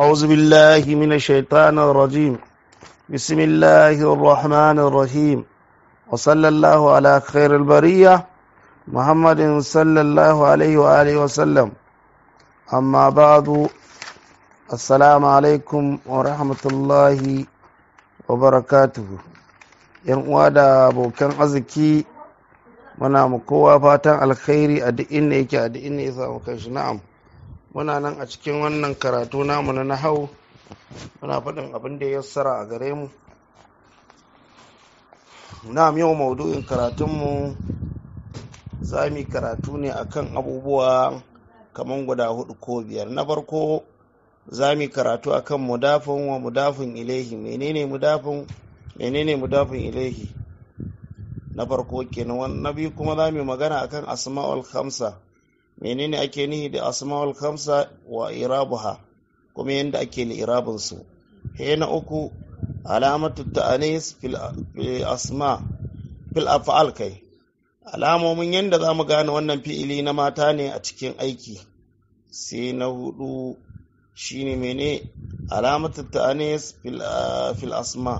أعوذ بالله من الشيطان الرجيم بسم الله الرحمن الرحيم وصلى الله على خير البرية محمد صلى الله عليه وآله وسلم أما بعد السلام عليكم ورحمة الله وبركاته ينقوى أبو كان أزكي muna mu kowa fatan alkhairi a duk inda yake a duk inda ya samu kanshi na'am muna nan a cikin wannan karatu namu na nahau muna faɗin abin da ya sara a gare mu na yau maudu'in karatunmu za mu karatu ne akan abubuwa kamar guda hudu ko biyar na farko za mu karatu akan mudafin wa mudafin ilaihi menene mudafin menene mudafin ilaihi na farko kenan na biyu kuma za mu magana akan asma'ul khamsa menene ake nihi da asma'ul khamsa wa irabuha kuma yadda ake li'irabin su he na uku alamatu ta'anis fil asma fil af'al kai alamomin yadda za mu gane wannan fi'ili na mata ne a cikin aiki sai na hudu shine mene alamatu ta'anis fil asma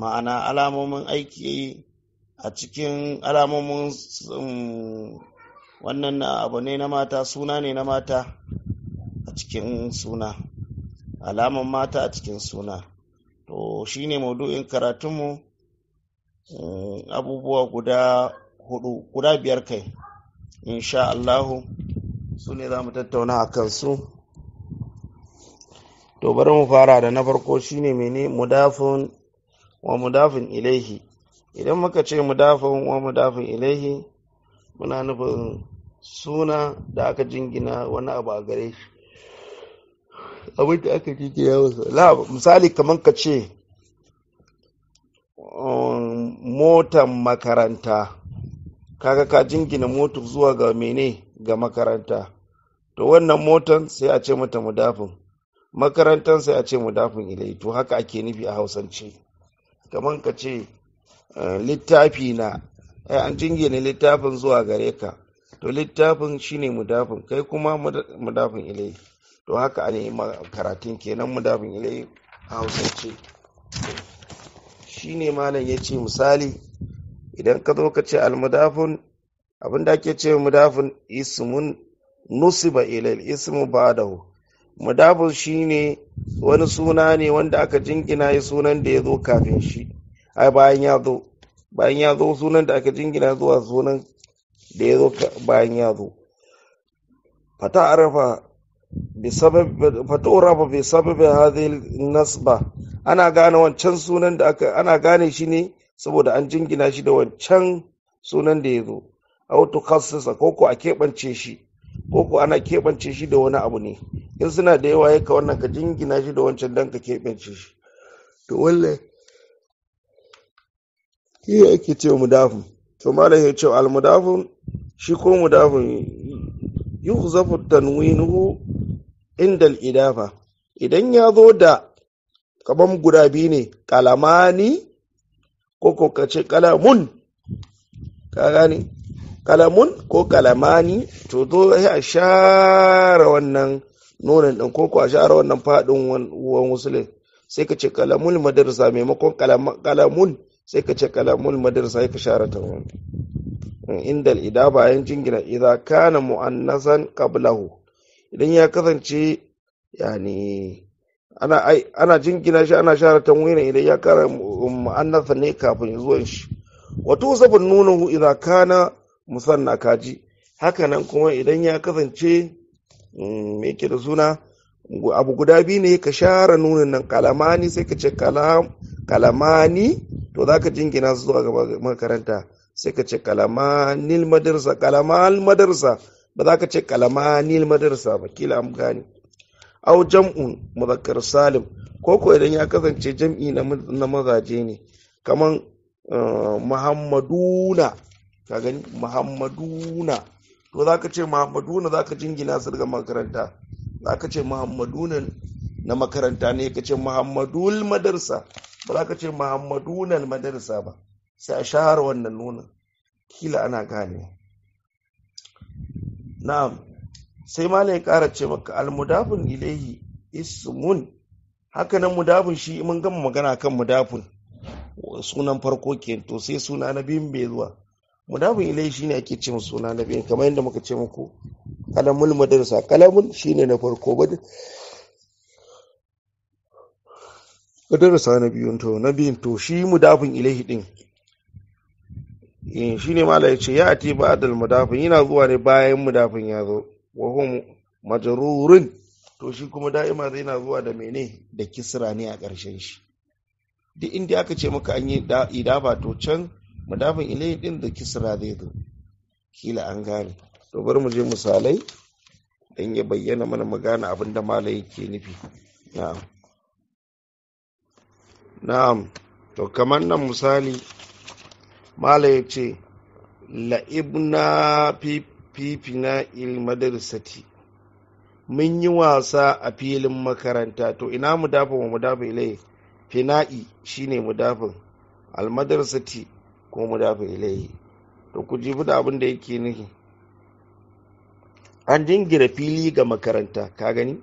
ma'ana alamomin aiki a cikin alamomin um, wannan na abu ne na mata suna ne na mata a cikin suna alaman mata a cikin suna to shine maudu'in karatunmu mm, abubuwa guda hudu guda biyar kai insha Allahu su ne za mu tattauna a kansu to bari mu fara da na farko shi ne mene mudafin wa mudafin ilaihi idan muka ce mudafin wa mudafin ilaihi muna nufin suna da aka jingina wani abu a gare shi abin da aka jingina wasu misali kamar ka ce um, motan makaranta kaga ka jingina motar zuwa ga mene ga makaranta to wannan motan sai a ce mata mudafin makarantar sai a ce mudafin ilai to haka ake nufi a hausance kamar ka ce eh, littafi na eh, an jingina littafin zuwa gare ka to littafin shine mudafin kai kuma mudafin ilai to haka ne karatun kenan mudafin ilai a hausance shine malam ya ce misali idan ka zo ka ce almudafin abinda ake ce mudafin ismun nusiba ilal ismu ba'dahu mudafin shine wani suna ne wanda aka jingina ya sunan da ya zo kafin shi ai bayan ya zo bayan ya zo sunan da aka jingina zuwa sunan da ya zo bayan ya zo fata arafa bai fata'urafa bai sababi nas ba. ana gane wancan sunan da aka ana gane shi ne saboda an jingina shi da wancan sunan da ya zo A wato kasasa ko ko a keɓance shi ko ko ana keɓance shi da wani abu ne in suna da yawa yaka wannan ka jingina shi da wancan dan ka keɓance shi to walle shi ake ce mudafin to malam ya ce al mudafin shi ko mudafin yuhzafu tanwinuhu inda al'idafa idan ya zo da kaban guda biyu ne kalamani ko ko kace kalamun ka gani kalamun ko kalamani to zo ya shara share wannan nonon din ko ko a share wannan fadin wan musulun sai ka ce kalamul madarsa maimakon kalamun sai ka ce kalamul madarsa sai ka share ta wani indal ida bayan jingina idza kana mu'annasan qablahu idan ya kasance yani ana ana jingina shi ana share tanwina idan ya kara mu'annasan ne kafin zuwan shi wa tusabun nunuhu idza kana musanna kaji Haka nan kuma idan ya kasance mm, me yake da suna abu guda biyu ne ka share nunin nan kalamani sai ka ce kalamani to zaka jingina zuwa ga makaranta sai ka ce kalama nil madarsa kalama al madarsa ba za ka ce kalama nil madarsa ba kila am gane au jam'un muzakkar salim ko ko idan ya kasance jam'i na mazaje ne kaman eh, muhammaduna ka gani muhammaduna to za ka ce muhammaduna za ka jingina su daga makaranta za ka ce muhammaduna na makaranta ne ka ce muhammadul madarsa ba za ka ce muhammadunan madarsa ba sai a share wannan nunin kila ana gane na'am sai ma ya ƙara ce maka almudafin ilaihi ismun haka nan mudafin shi mun gama magana kan mudafin sunan farko ke to sai suna na biyun bai zuwa mudafin ilai shi ne ake ce suna na biyun kamar yadda muka ce muku kalamul madarsa kalamun shi ne na farko madarsa na biyun to na biyun to shi mudafin ilai din Eh, shi ne mala ya ce ya ati ba ba'dal mudafin yana zuwa ne bayan mudafin ya zo wa hum to shi kuma da'ima zai na zuwa da mene da kisra ne a ƙarshen shi duk inda aka ce maka an yi idafa to can mudafin ilai din da kisra zai zo kila an gane to bari mu je misalai dan ya bayyana mana mu gane abin da malai yake nufi na'am na'am to kamar nan misali mala ya ce la'ibna fifina ilmadarsati mun yi wasa a filin makaranta to ina mudafin wa mudafin ilai fina'i shine mudafin almadarsati ko mudafin ilai to ku ji da abin da yake nufi an jingira fili ga makaranta ka gani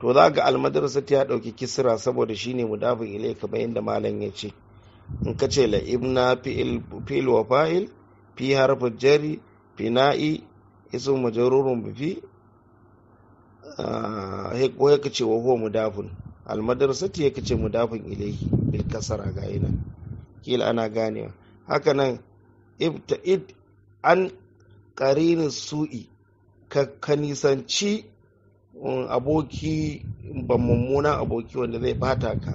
to za ga almadarsati ya ɗauki kisira saboda shine mudafin ilai kamar yadda malam ya ce in ka ce ibna fi'il wa fa'il fi harfin jari fina'i isin majarurin bifi ko ah, ya kace wa huwa mudafin almadrasati ya kace mudafin ilayhi bil kasara ga ina kila ana ganewa haka nan ibta'id an qarinin su'i ka nisanci um, aboki ban mummuna aboki wanda zai bata ka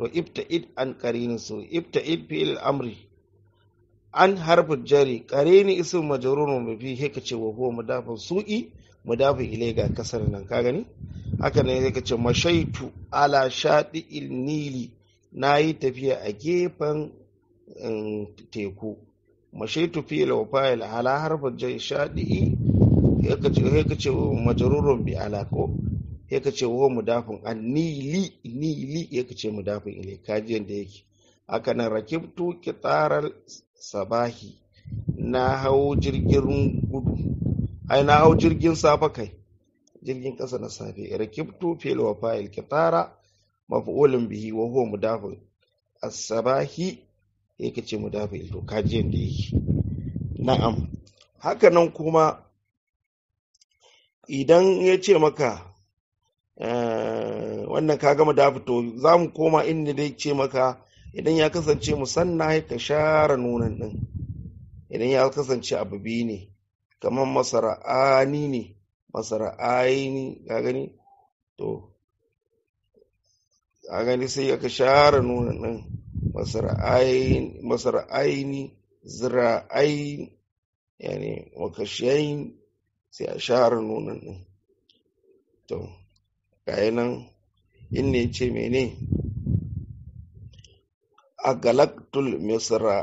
to ibta'id an qarini su ibta'id fi'il amri an harfu jari karini isu majrurun bi fi ce wa huwa mudafun su'i mudafun ilai ga kasar nan ka gani haka ne zai ce mashaitu ala shadi'il nili nayi tafiya a gefen um, teku mashaitu fi'il wa fa'il ala harfu jari shadi'i ya kace majrurun bi alako ya ka ce wa mudafin an nili nili ya ka ce mudafin ile kajiyar da yake haka nan rakibtu kitarar sabahi na hau jirgin gudu ai na hau jirgin safa kai jirgin kasa na safe rakibtu fil wa fa'il kitara maf'ulun bihi wa huwa mudafin as-sabahi yake ce mudafin to kajiyar da yake na'am haka nan kuma idan ya ce maka Eh, wannan ka gama da fito za mu koma inda dai ce maka idan ya kasance musanna ka share nunan din idan ya kasance abu biyu ne kamar masara'ani ne masara'ayini, ka gani to a gani sai aka share nunan din masara'aini zira'aini yani wakashiyain sai a share nunan din to gaya nan inna ya ce mene a galaktul misra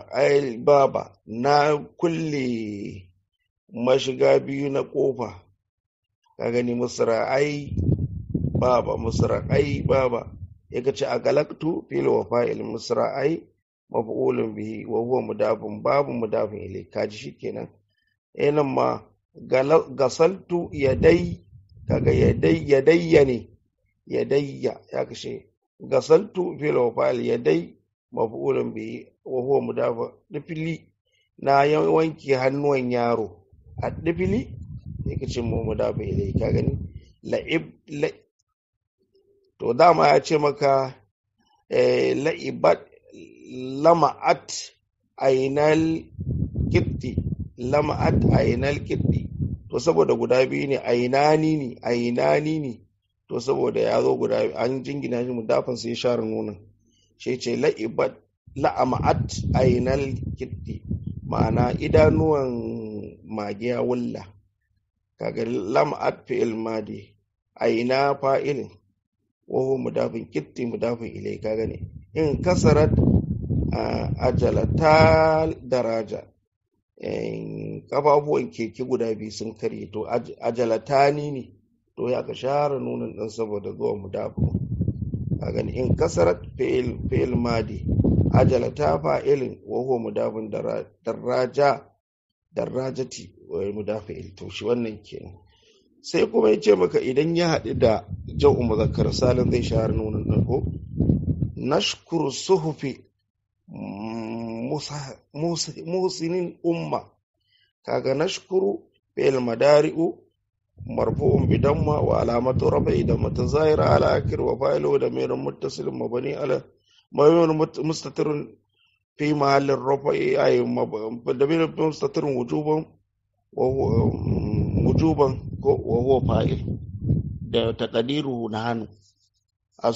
baba na kulle mashiga biyu na kofa ka gani misra ai baba misra ai baba ya ce a galaktu fil wa fa'il misra ai maf'ulun bihi wa huwa mudafin babu mudafin ilai kaji shikenan eh nan ma gasaltu yadai kaga yadai yadayya ne yadayya ya kashe gasaltu fil wafal yadai maf'ulun bi wa huwa mudafa difili na wanke hannuwan yaro a difili Ya ka ce mu mudafa yadai. ka gani la'ib la to dama ya ce maka eh, la'ibat lama'at ainal kitti lama'at ainal kitti to saboda guda biyu ne ainani ne ainani ne to saboda ya zo guda an jingina shi mudafan sai share nunin shi ce la'ibat la'ama'at ainal kiddi ma'ana idanuwan magiya wulla kaga lam'at fi'il madi aina fa'il wahu mudafin kitti mudafin ilai ka gane in kasarat ajalata daraja eh, kafafuwan keke guda biyu sun karye to ajalata ni ne to ya ka share nunin ɗan saboda zuwa mudafu a gani in kasarat fa'il madi ajala ta fa'ilin wa huwa mudafun daraja darajati wa mudafi'il to shi wannan kenan sai kuma ya ce maka idan ya haɗu da jau'u muzakkar salin zai share nunin ɗin ko nashkuru suhufi musinin umma kaga nashkuru fa'il madari'u marfogon bidanwa wa alamanta raba idan mata zahira ala'akira wa filo da meron mata silin maɓani ala mayuwar musta fi mahalin rufa yayin da mai musta turin wujuba ko huwa fili da takaniru na hannu a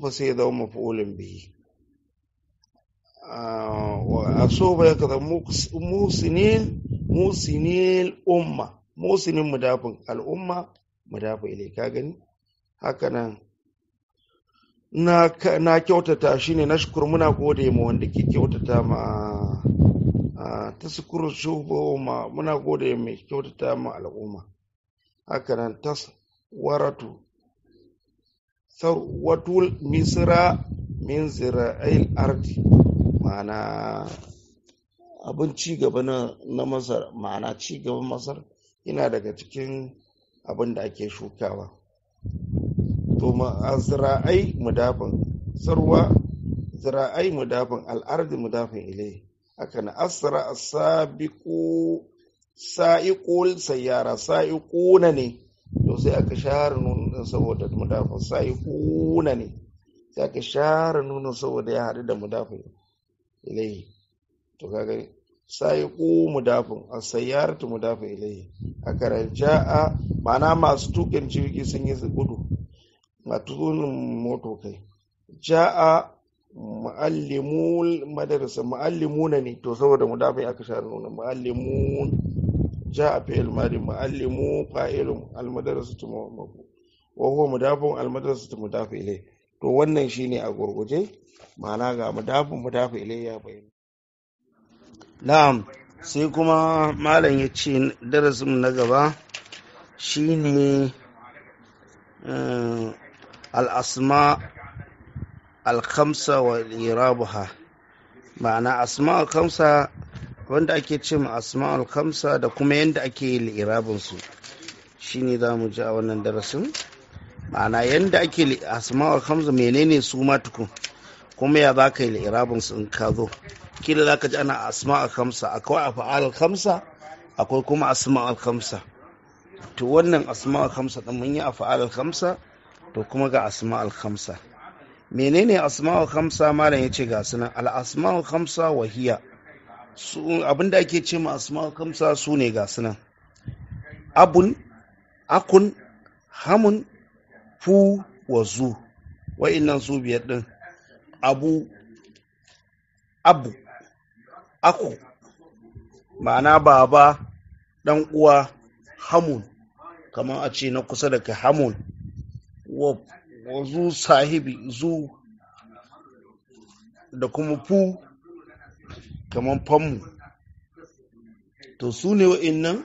fa sai ya zama mafi wulin ya ah, kaza musinil musinil umma musinin mudafin al'umma mudafa ilai ka gani haka nan na kyautata shi ne na shukur muna gode ma wanda ke kyautata ma ah, ah, ta sukuru shubo ma muna gode mai kyautata ma al'umma haka nan tas waratu sarwatul misra min zira'il ardi ma'ana abin cigaba na masar ma'ana cigaban masar yana daga cikin abin da ake shukawa to zira'ai mudafin sarwa zira'ai mudafin al'ardi mudafin ile aka na asra asabiqu sa'iqul sayyara sa'iquna ne to sai aka share nuna saboda mudafin sa'iquna ne sai aka share nuna saboda ya haɗu da mudafin ilaihi to kaga ku mudafin asayyaratu sayyaratu mudafin ilaihi akara ja'a ma'ana masu tukin ciki sun yi gudu matunin moto kai ja'a ma'allimul madarasa ma'allimuna ne to saboda mudafin aka share nuna Ja ja'a fi'il madi mu'allimu fa'ilun al-madarasatu maf'ul wa huwa mudafun al-madarasatu mudafin ilaihi to wannan shi ne a gurguje ma'ana ga madafin madafin ilayya bayan na'am sai kuma malam ya ce darasin na gaba shi ne eh, al'asma al-khamsa wa irabaha ma'ana asma al-khamsa wanda ake ce ma asma al-khamsa da kuma yadda ake yi shi ne za mu ji a wannan darasin ma'ana yadda ake asma'ul hamza menene su ma tukun kuma ya za ka yi li'irabin su in ka zo kila za ka ji ana asma'ul hamsa akwai afa'al hamsa akwai kuma asma'ul hamsa to wannan asma'ul hamsa din mun yi afa'al hamsa to kuma ga asma'ul hamsa menene asma'ul hamsa malam ce ga sunan al asma'ul hamsa wahiya su abinda ake ce ma asma'ul hamsa su ne ga sunan abun akun hamun fu wa zu wa'innan su biyar din abu abu aku ma'ana baba dan uwa hamun kamar a ce na kusa da ka hamun wa zu sahibi zu da kuma fu kamar fanmu to su ne wa'innan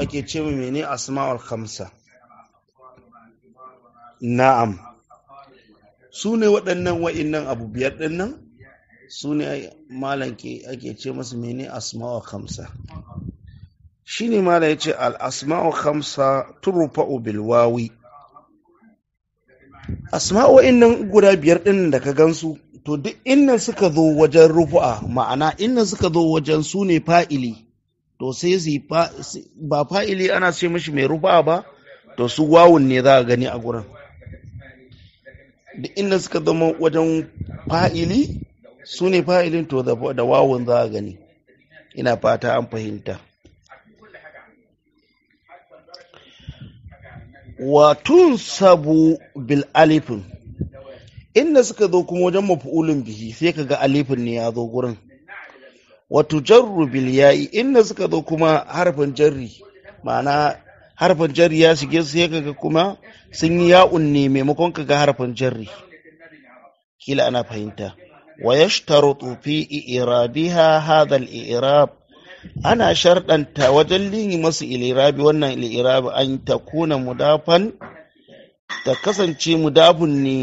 ake ce mene asma'ul khamsa na'am su ne waɗannan wa'innan abu biyar ɗin nan su ne malanke ake ce masu mene asma'u Kamsa. shi ne mala ya ce al'asma'u khamsa turufa'u bilwawi asma'u wa'innan guda biyar ɗin da ka gansu to duk inna suka zo wajen rufu'a ma'ana inna suka zo wajen su ne fa'ili to sai su ba fa'ili ana ce mashi mai rufu'a ba to su wawun ne za a gani a gurin da inda suka zama wajen fa'ili su ne fa'ilin to da wawon za a gani ina fata an fahimta watun sabu bil alifin inda suka zo kuma wajen mafi'ulin bihi sai ka ga alifin ne ya zo gurin wato jarru bil yayi inda suka zo kuma harfin jarri ma'ana harfan jari ya shige su sai kaga kuma sun yi ya'un ne maimakon kaga harfin jari kila ana fahimta wa yashtarutu fi i'rabiha hadha al-i'rab ana shardanta wajen lini masu ilirabi wannan ilirabi an ta kuna mudafan ta kasance mudafun ne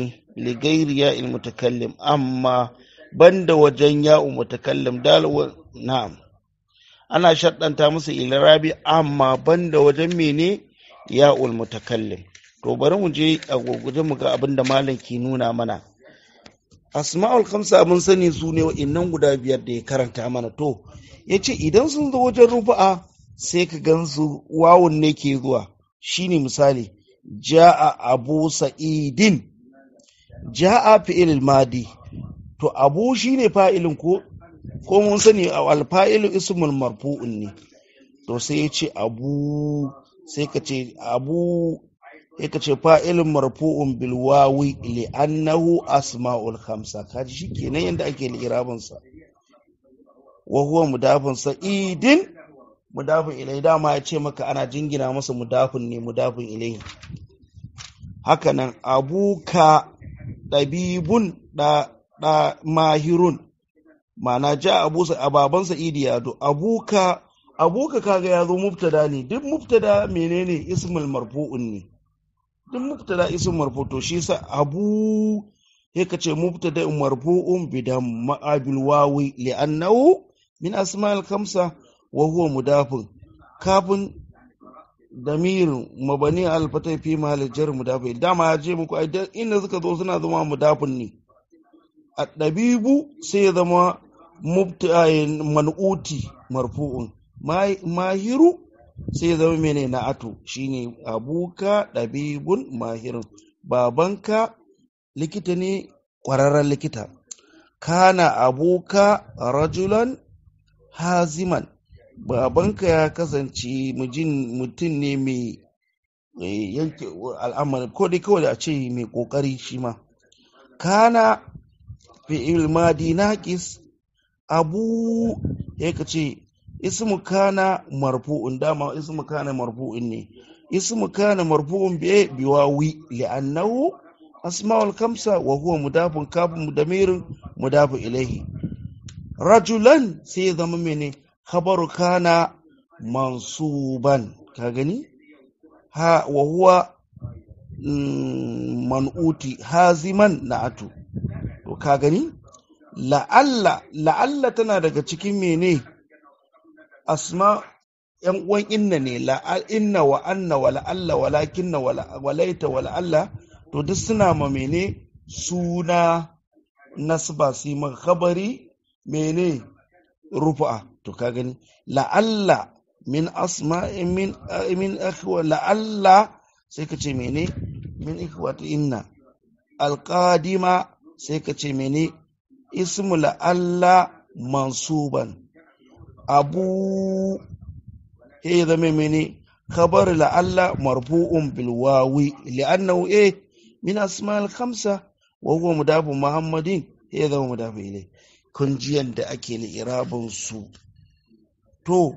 ligairiya il mutakallim amma banda wajen ya'u mutakallim dal na'am ana shaddanta musu ilarabi amma banda wajen mene ya mutakallim to bari mu je a gurguje mu ga abin da malam ke nuna mana asma'ul khamsa mun sani su ne wa'innan guda biyar da ya karanta mana to ya ce idan sun zo wajen rufa'a sai ka gansu wawun ne ke zuwa shine misali ja'a abu sa'idin ja'a fi'il madi to abu shine fa'ilin ko ko mun sani alfa'ilu ismul marfu'un ne to sai ya ce abu sai ka ce abu sai ka ce fa'ilun marfu'un bil wawi li annahu asma'ul khamsa kaji shikenan yanda ake li'irabin sa wa huwa mudafun idin mudafun ilai dama ya ce maka ana jingina masa mudafun ne mudafun ilai hakanan abuka ɗabibun da mahirun ma'ana ja abu ababan sa'idi ya do abuka abuka kaga ya zo mubtada ne duk mubtada menene ismul marfu'un ne duk mubtada ismul marfu to shi sa abu ya ka ce mubtada marfu'un bidan ma'abil wawi li'annahu min asma'il khamsa wa huwa mudafin kafin damir mabani alfatai fi jar mudafin dama ya je muku idan inda suka zo suna zama mudafin ne a ɗabibu sai ya zama man'uti marfu'un mahiru sai zama mene na ato shine abuka ɗabibun mahirin babanka likita ne ƙwararren likita kana abuka rajulan haziman babanka ya kasance mutum ne mai yanke al'amari ko dai kawai a ce mai ƙoƙari shi ma kana fi ilmadi naƙis abu ya eh, ka ce ismu kana marfu'un dama ismu kana marfu'un ne ismu kana marfu'un biwa wi li'annahu asma'ul kamsa wa huwa mudafun kafin damirin mudafu ilaihi rajulan sai ya zama mene khabaru kana mansuban ka gani ha wa huwa mm, man'uti haziman na'atu to ka gani la'alla la'alla tana daga cikin mene asma yan uwan inna ne inna wa anna wa la'alla wa walaita wa la'alla to duk suna ma mene suna nasba su man khabari mene rufa to ka gani la'alla min asma min min akhwa la'alla sai ka ce mene min ikhwati inna alqadima sai ka ce mene ismu la'alla mansuban abu eh, ya zama mene kabar la'alla marfu'un bilwawi li'annahu eh min asma'il khamsa wa huwa mudafu muhammadin eh, ya zama mudafu ilai kun jiyan da ake li'irabin su to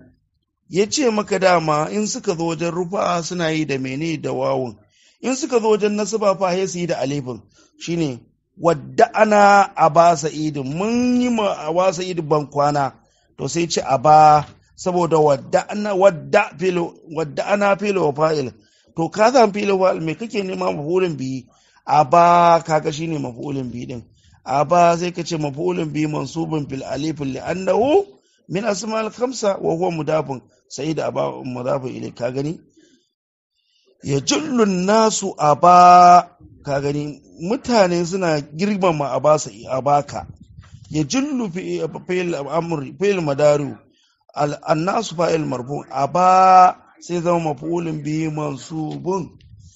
ya ce maka dama in suka zo wajen rufa'a suna yi da mene da wawun in suka zo wajen nasaba fa sai su yi da alifin shine wadda ana a ba sa'idu mun yi ma a ba sa'idu ban kwana to sai ci a ba saboda wadda ana wadda filo wadda ana filo fa'il to ka san filo fa'il me kake nema mafulin bi a ba kaga shine mafulin bi din a ba sai ka ce mafulin bi mansubun fil alifin li annahu min asma'il khamsa wa huwa mudafun sai da ba mudafun ilai ka gani ya jullun nasu a ba ka gani mutane suna girmama a basa a baka ya jullu fi'il amri fi'il madaru annasu fa'il marfu a ba sai zama mafulin masu mansubun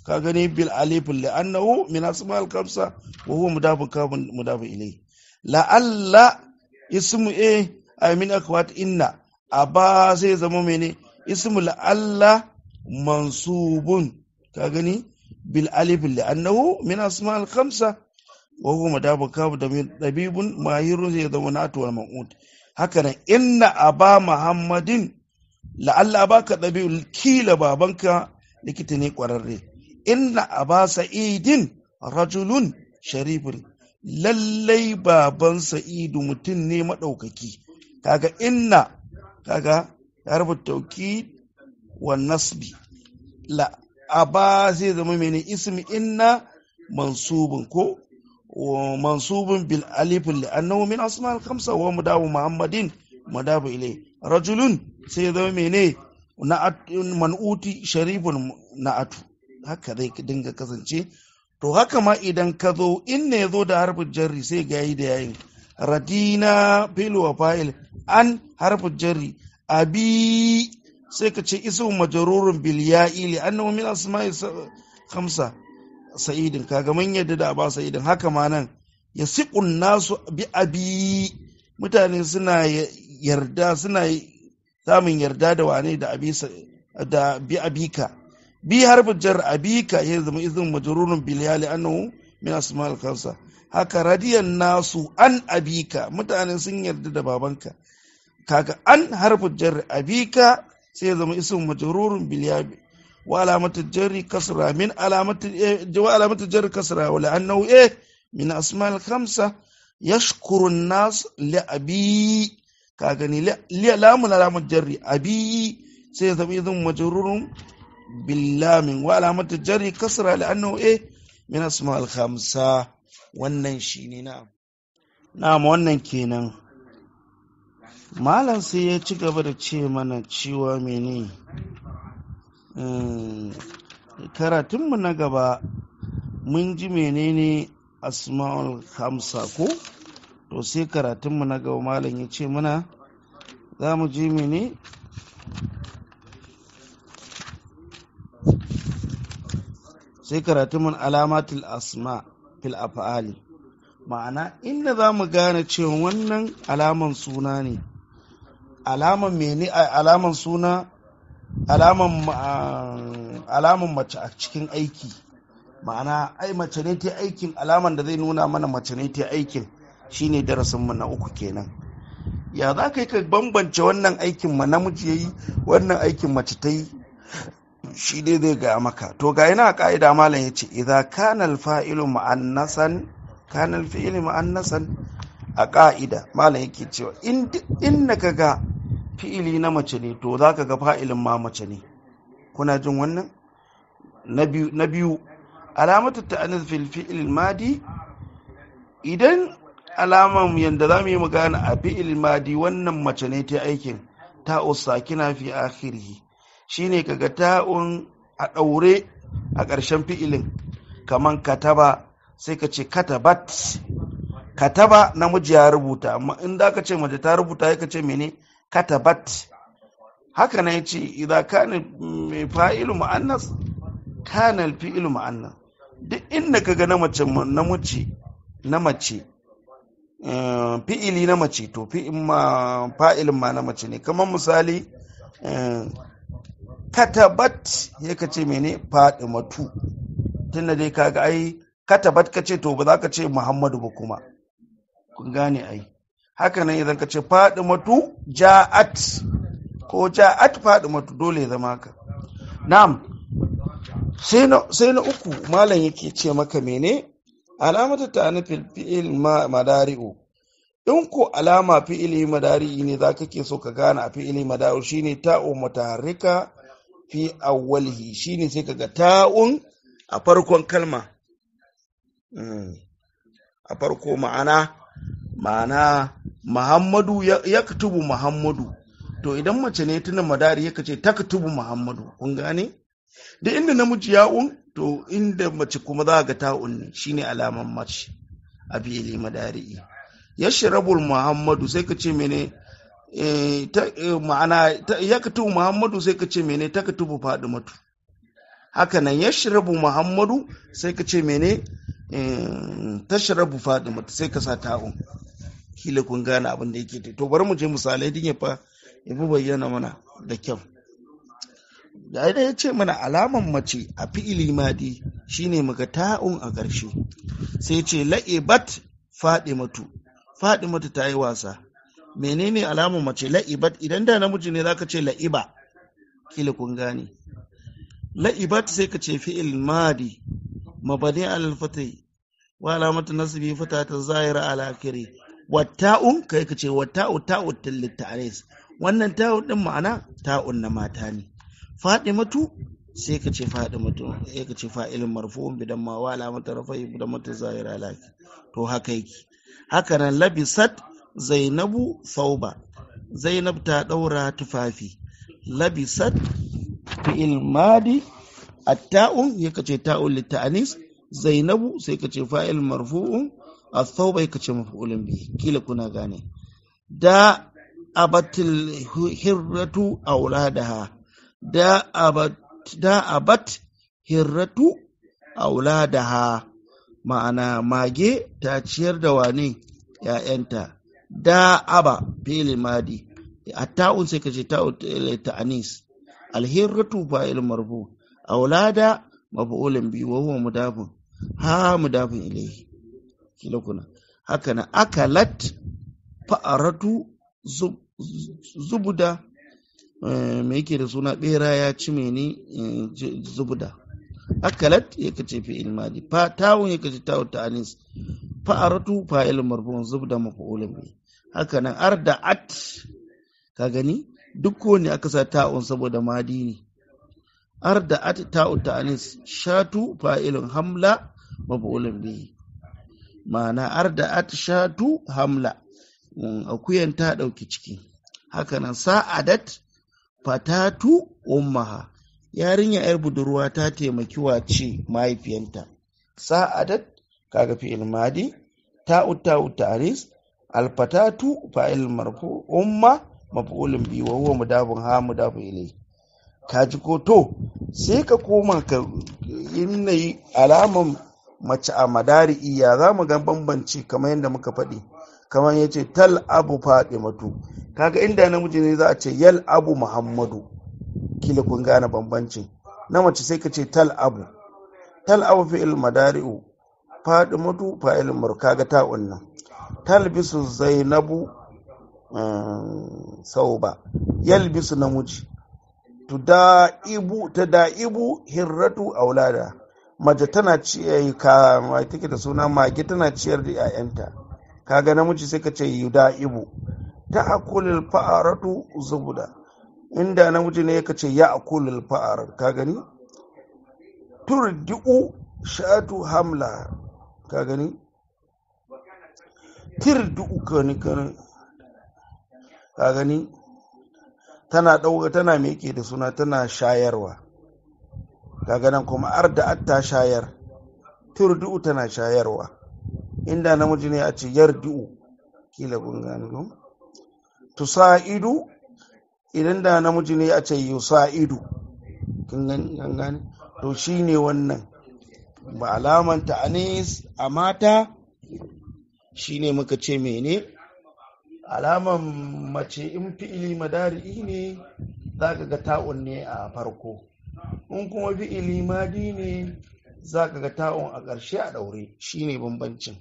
ka gani bil alif li annahu min asma'il khamsa wa huwa mudafun mu mudafun ilai la'alla ismu e ay min akwat inna a ba sai zama mene ismu la'alla mansubun ka gani bil alif li'annahu min asma al khamsa wa huwa madabu kabu da dabibun mahirun zai zama natu wal ma'ud haka nan inna aba muhammadin la'alla baka dabibul kila babanka likita ne kwararre inna aba sa'idin rajulun sharifun lallai baban sa'idu mutum ne maɗaukaki kaga inna kaga ya rubuta tauki wa nasbi la aba zai zama mene ismi inna Mansubin ko Mansubin bil alifin li'annahu min asma khamsa wa mudabu muhammadin mudabu ilai rajulun sai zama mene man'uti sharifun atu haka zai dinga kasance to haka ma idan ka zo in ne ya zo da harfin jarri sai ga yi da yayin radina fil wa fa'il an harfin jarri abi sai ka ce ismu majrurun bil ya'i li annahu min asma'i khamsa sa'idin kaga mun yadda da ba sa'idin haka ma nan yasiqun nasu bi abi mutane suna yarda suna samun yarda da wane da abi da bi abika bi harfin jar abika ya zama izin majrurun bil ya li annahu min asma'il khamsa haka radiyan nasu an abika mutane sun yarda da babanka kaga an harfin jar abika sai ya zama isin majrurun bil wa alamatul jari kasra min alamatul eh, wa la'annahu eh min asma'il khamsa ya shukuru nas li ka gani li lamun alamat jarri abi sai ya zama isin majrurun billamin. wa alamatul jari kasra la'annahu eh min asma'il khamsa wannan shi ne na'am na'am wannan kenan malam sai ya ci gaba da ce mana cewa mene eh, karatunmu na gaba mun ji menene asma'ul hamsa ko to sai karatunmu na gaba malam ya ce mana za mu ji mene sai karatunmu alamatul asma fil af'ali ma'ana inda za mu gane cewa wannan alaman suna ne alaman meni alaman suna alaman mace a cikin aiki ma'ana ai mace ne ta aikin alaman da zai nuna mana mace ne ta aikin shine darasinmu na uku kenan ya za ka yi ka bambance wannan aikin ma namiji ya yi wannan aikin mace ta yi shi dai zai ga maka to ga yana ka'ida malam ya ce idan kanal fa'ilu ma'annasan kanal fa'ilu ma'annasan a ka'ida malam yake cewa in ka ga fi'ili na mace ne to za ka ga fa'ilin ma mace ne kuna jin wannan na biyu alamatu ta'anis fil fi'ilin madi idan alaman yadda za mu yi magana a fi'ilin madi wannan mace ne ta aikin ta sakina fi Shi shine kaga ta'un a ɗaure a ƙarshen fi'ilin kaman kataba sai ka ce katabat kataba namiji ya rubuta amma in da ka ce mace ta rubuta ya ka ce mene katabat haka na yace idan mai fa'ilu mu'annas kana al-fi'lu mu'annas duk inda kaga na mace na mace na mace eh, fi'ili na mace to fi'in ma fa'ilin ma na mace ne kamar misali eh, katabat ya kace mene fadimatu tunda dai kaga ai katabat kace to ba za ka ce muhammadu ba kuma kun gane ai haka nan idan ka ce matu ja'at ko ja'at matu dole ya zama haka na'am sai na uku malam yake ce maka mene alamata ta na fil madari'u in ko alama fi'ili madari'i ne za ke so ka gane a fi'ili madari'u shine ta'u mutaharrika fi awwalihi shine sai kaga ta'un a farkon kalma hmm. a farko ma'ana ma'ana Muhammadu ya katubu Muhammadu to idan mace ne tuna madari ya kace ta katubu Muhammadu kun gane da inda namiji ya un to inda mace kuma za ga ta un shine alaman mace a bili madari ya shirabul Muhammadu sai ka ce mene eh, eh, ma'ana ya katubu Muhammadu sai ka ce mene ta katubu Fadimatu haka nan ya shirabu Muhammadu sai ka ce mene eh, ta shirabu Fadimatu sai ka sa un. kila kun gane abin da yake to bari mu je misalai din ya fa ya fi bayyana mana da kyau da ya ce mana alaman mace a fi'ili madi shine muka ta'un a ƙarshe sai ce la'ibat fadimatu fadimatu ta yi wasa menene alaman mace la'ibat idan da namiji ne zaka ce la'iba kila kun gane la'ibat sai ka ce fi'il madi mabani alal fatai wa alamatu nasbi fita ta zahira al akhiri watta'u kai ka ce wata'u ta'u litta'anis wannan ta'u din ma'ana ta'un na mata ne fadimatu sai ka ce fadimatu sai ka ce fa'ilin marfu'un bidan ma wa alamatu rafai bidan mata zahira laki to haka yake haka nan labisat zainabu sauba zainab ta daura tufafi labisat fi'il madi ta'un, ya ce ta'un litanis zainabu sai ka ce fa'il marfu'un الثوب يكتش مفعول biyu, kila kuna gane. دا أبت الهرة أولادها دا أبت da abat hirratu ha. ma'ana mage ta ciyar da wane ‘ya'yanta da aba fili madi a ta'un sai ka ce eh, ta'anis alhirratu fa'il marfu mafi mafi'ulin biyu wa huwa mudafin ha mudafin ilai. kila kuna haka na akalat fa'aratu zubuda eh, me yake da suna bera ya ci mene eh, zubuda akalat ya kace fi ilmadi fa tawun ya kace tawun ta anis fa'aratu fa'il marfu'un zubda maf'ulun bi haka nan arda'at ka gani duk kowanne aka sa ta'un saboda madi ne arda'at ta'un ta anis shatu fa'ilun hamla maf'ulun bihi ma'ana arda atshatu hamla mm, akuyan ta ɗauki ciki hakanan sa'adat fatatu ummaha yarinya yar budurwa ta taimaki wace mahaifiyanta sa'adat kaga fi'il madi ta uta ta'ris alfatatu fa'il marfu umma maf'ulun bi wa huwa mudafun ha mudafun ilai ka ji ko to sai ka koma ka yi alaman mace a madari'i ya za mu ga bambanci kamar yadda muka faɗi kamar ya ce tal abu faɗi matu kaga inda namiji ne za a ce yal abu muhammadu kila kun gane bambancin na mace sai ka ce tal abu tal abu fi'il madari'u Faɗi matu fa'il mur kaga ta'un nan bisu zainabu eh, sauba yalbisu namiji ta daibu hirratu aulada mace tana ciyayi ka ma take da suna mage tana ciyar da 'ya'yanta kaga namiji sai ka ce yuda ibu ta akulil fa'aratu zubuda inda namiji ne ka ce ya akulil fa'ar ka gani turdi'u shatu hamla ka gani tirdu'u kani kani ka gani tana dauka tana meke da suna tana shayarwa kaga nan kuma arda atta shayar turdu'u tana shayarwa inda namiji ne a ce yardu'u kila kun gani ko tusa'idu idan da namiji ne a ce yusa'idu kun gani to shine wannan ba alaman ta'anis a mata shine muka ce mene alaman mace in fi'ili madari'i ne za ka ga ta'un ne a farko in kuma fi ilimadi ne za ka ga ta'on a ƙarshe a ɗaure shine bambancin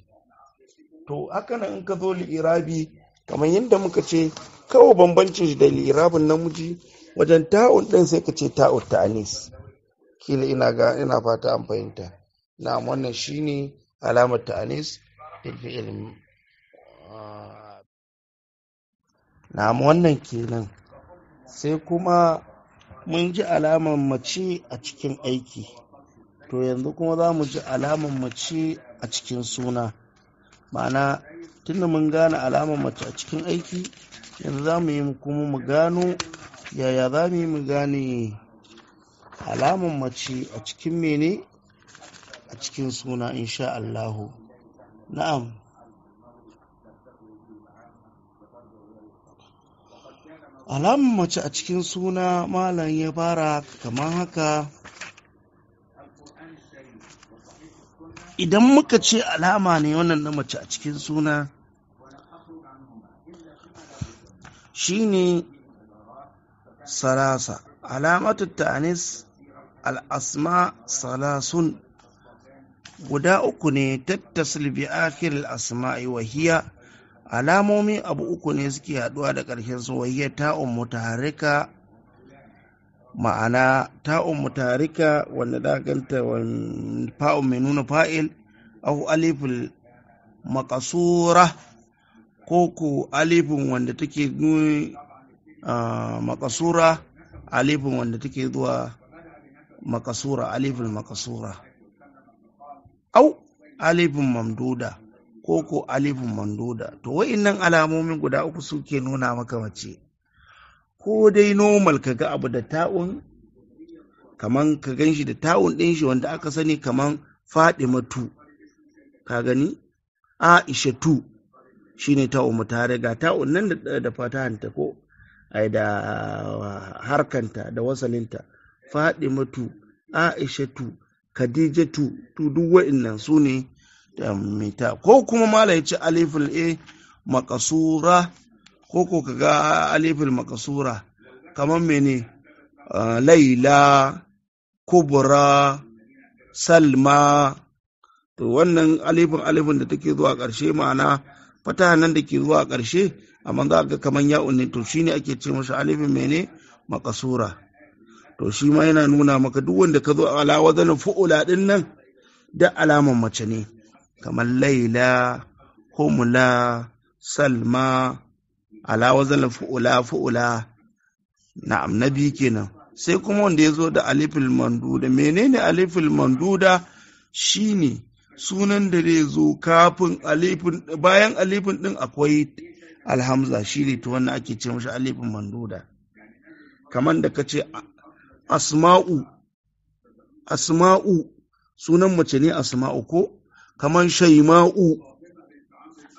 to haka nan in ka zo li'irabi kamar yadda muka ce kawai bambancin shi da li'irabin namiji wajen ta'on ɗin sai ka ce ta anis, kila ina ga ina fata an fahimta na wannan shine alamar anis da ah, na wannan kenan sai kuma mun ji alamar mace a cikin aiki to yanzu kuma za mu ji alaman mace a cikin suna ma'ana tunda mun gane alamar mace a cikin aiki yanzu za mu yi kuma mu gano yaya za mu yi mu gane alaman mace a cikin mene a cikin suna insha Allahu na'am alamun mace a cikin suna malam ya fara kamar haka idan muka ce alama ne wannan na mace a cikin suna shine salasa alamatu ta'anis al'asma salasun guda uku ne tattasil bi akhir al'asma'i wahiya alamomi abu uku ne suke haɗuwa da ƙarshen soyayyar ta'un mutaharika ma'ana ta'un mutaharika wanda da ganta fa'un mai nuna fa'il au alifin makasura ko ku alifin wanda take nuni makasura alifin wanda take zuwa makasura alifin makasura au alifin mamduda ko ko alifin manduda to wa'innan alamomin guda uku suke nuna maka mace ko dai normal ka ga abu da ta'un kaman ka gan shi da ta'un ɗin shi wanda aka sani kaman matu ka gani shi ne ta'un mutare ga ta'un nan da fatahanta ko ai da harkanta da wasalinta fadimatu aishatu khadijatu tu duk wa'innan su ne Um, mita ko kuma mala ya ce alifil a makasura ko ko kaga alifil makasura kamar mene uh, laila kubura salma to wannan alifin alifin da take zuwa ƙarshe ma'ana fata nan da ke zuwa ƙarshe amma za ga kamar ya ne to shine ake ce masa alifin mene makasura to shi ma yana nuna maka duk wanda ka zo ala wazanin fu'ula din nan da alaman mace ne kamar laila humula salma ala wazan fu'ula fu'ula na biyu kenan sai kuma wanda ya zo da alifil manduda menene alifil manduda shine sunan da zai zo kafin alifin bayan alifin din akwai alhamza shi ne, to wannan ake ce mashi alifin manduda kamar da kace asma'u asma'u sunan mace ne asma'u ko kaman shaima'u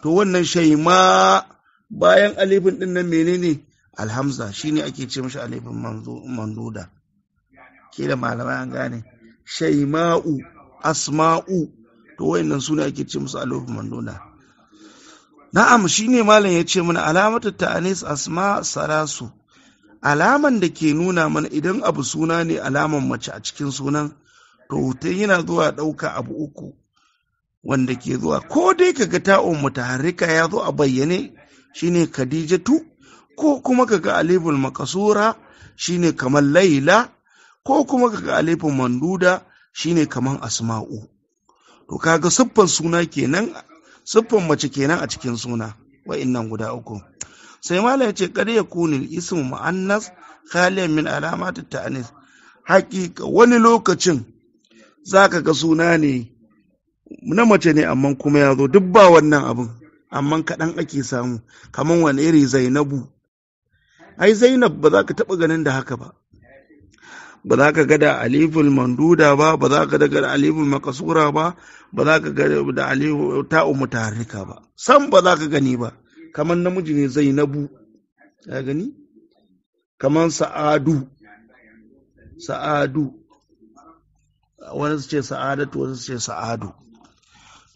to wannan shaima bayan alifin din nan menene alhamza shine ake ce mashi alifin manduda ke da malamai an gane shaima'u asma'u to wayannan ne ake ce musu alifin manduda na'am shine malam ya ce mana alamatu ta'anis asma sarasu alaman da ke nuna mana idan abu suna ne alaman mace a cikin sunan to yana zuwa ɗauka abu uku wanda ke zuwa ko dai ka ga ta'on mutaharrika ya zo a bayyane shine khadijatu ko kuma ka ga alifin makasura shine kamar laila ko kuma ka ga alifin manduda shine kamar asma'u to kaga siffan suna kenan siffan mace kenan a cikin suna wa'innan guda uku sai malam ce kada ya kunil ismu mu'annas khaliyan min alamati ta'anis haƙiƙa wani lokacin zaka ga suna ne na mace ne amma kuma ya zo duk ba wannan abin amma kaɗan ake samu kamar wani iri zainabu ai zainab ba za ka taɓa ganin da haka ba ba za ka ga da aliful manduda ba ba za ka ga da aliful makasura ba ba za ka ga da alifin ta'u mutaharrika ba san ba za ka gani ba kamar namiji ne zainabu ya gani kamar sa'adu sa'adu wani su ce sa'adatu wani su ce sa'adu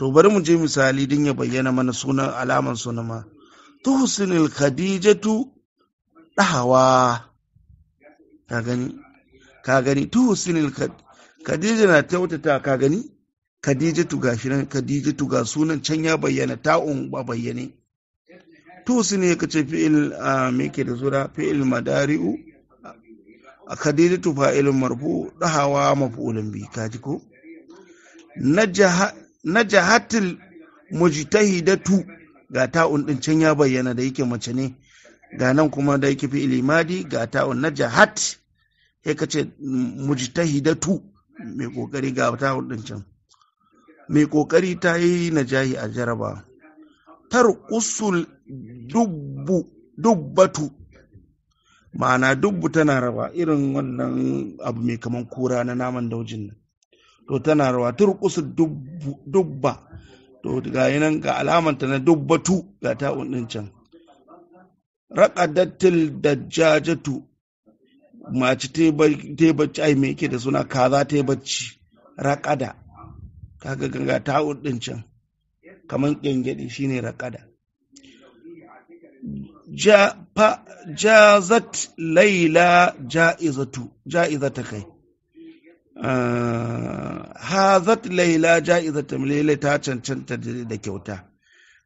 to bari mu je misali din ya bayyana mana sunan alaman suna ma tuhsinil khadijatu dahawa ka gani ka gani tuhsinil khadija na ta ka gani khadijatu gashi nan khadijatu ga sunan can ya bayyana ta un ba bayyane tuhsini ya kace fi'il me ke da zura fi'il madari'u khadijatu fa'ilun marfu dahawa maf'ulun bi kaji ko najaha na jahatil mujtahidatu ga ta'un din can ya bayyana da yake mace ne ga nan kuma da yake fi ilimadi ga ta'un na jahat ya kace mujtahidatu mai kokari ga ta'un din can mai kokari ta yi na jahi a jaraba tar usul dubbu dubbatu ma'ana dubbu tana raba irin wannan abu mai kaman kura na naman daujin nan to tana rawa turkusu dubba to ga yi nan ga alamanta na dubbatu ga ta'un din can da jajatu mace ta ai mai ke da suna kaza ta Raƙada. Ka kaga ganga ta'un din can kaman ne shine ja jazat laila ja'izatu ja'izata kai Ah, hazat laila ja'izatan laila ta cancanta da kyauta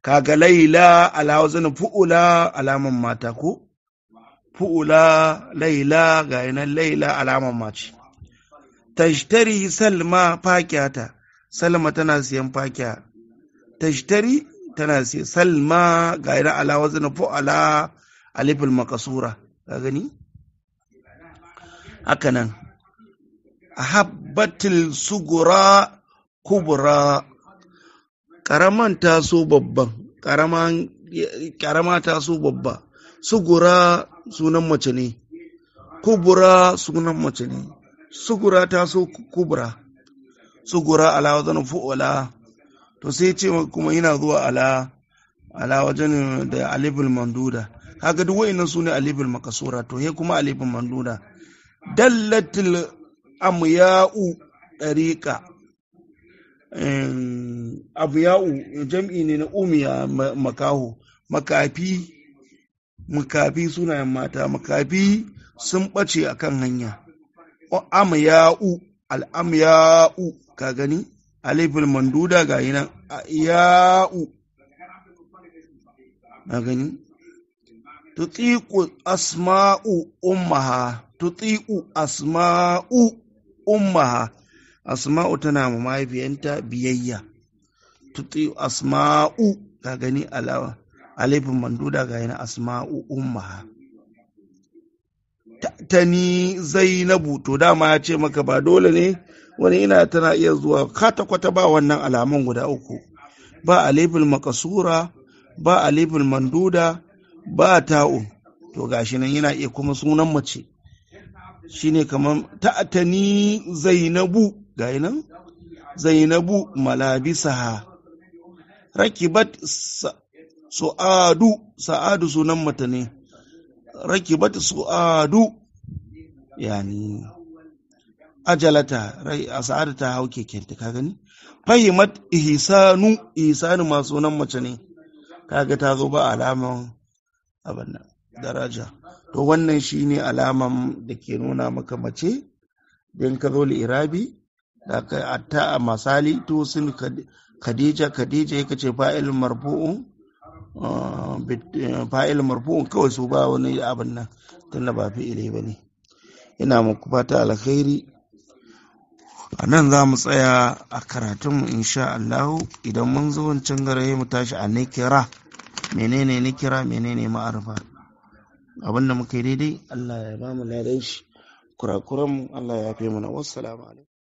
kaga laila ala wazin fu'ula alaman mata ko fu'ula laila ga yanan laila alaman mace tashtari salma fakiyata salma tana siyan fakiya tashtari tana siyan salma ga yanan ala wazin fu'ula alifin makasura ka gani haka nan habbatil sugura kubura ƙaraman taso babban ƙarama taso babba sugura sunan mace ne kubura sunan mace ne sugura taso kubura sugura ala wajen fu'ula to sai ce kuma yana zuwa ala ala wajen da alibul manduda kaga duk wa'annan su ne alibul makasura to he kuma alibul manduda dallatil amya'u ɗariƙa amya'u jam'i ne na umiya makaho makafi makafi sunayen mata makafi sun ɓace a kan hanya amya'u al'amya'u ka gani alifin manduda ga yi nan ya'u na gani tutiku asma'u ummaha tutiku asma'u ummaha asma'u tana ma mahaifiyanta biyayya tuti asma'u ka gani alawa alifin manduda ga yana asma'u ummaha tani zainabu to dama ya ce maka ba dole ne wani ina tana iya zuwa kata kwata ba wannan alaman guda uku ba a alifin makasura ba alifin manduda ba ta'u to gashi nan yana iya kuma sunan mace shine kamar ta'atani zainabu ga nan zainabu malabisaha rakibat su'adu sa'adu sunan mata ne rakibat su'adu yani ajalata rai a sa'adu ta hau kekenta ka gani fahimat Ihisanu, Ihisanu masu sunan mace ne kaga ta zo ba alaman abin daraja to wannan shi ne alaman da ke nuna maka mace don ka zo irabi da ka atta a masali to sun khadija khadija yake ce fa'il marfu'un ah, fa'il marfu'un kawai su ba wani abin nan tunda ba fi'ile ba ne ina muku fata alkhairi a nan za mu tsaya a karatunmu insha Allah, idan mun zo wancan gare mu tashi a nikira menene nikira menene ma'arfa abinda muka yi daidai Allah ya ba mu ladan shi kurakuran Allah ya fi mu na salamu alaikum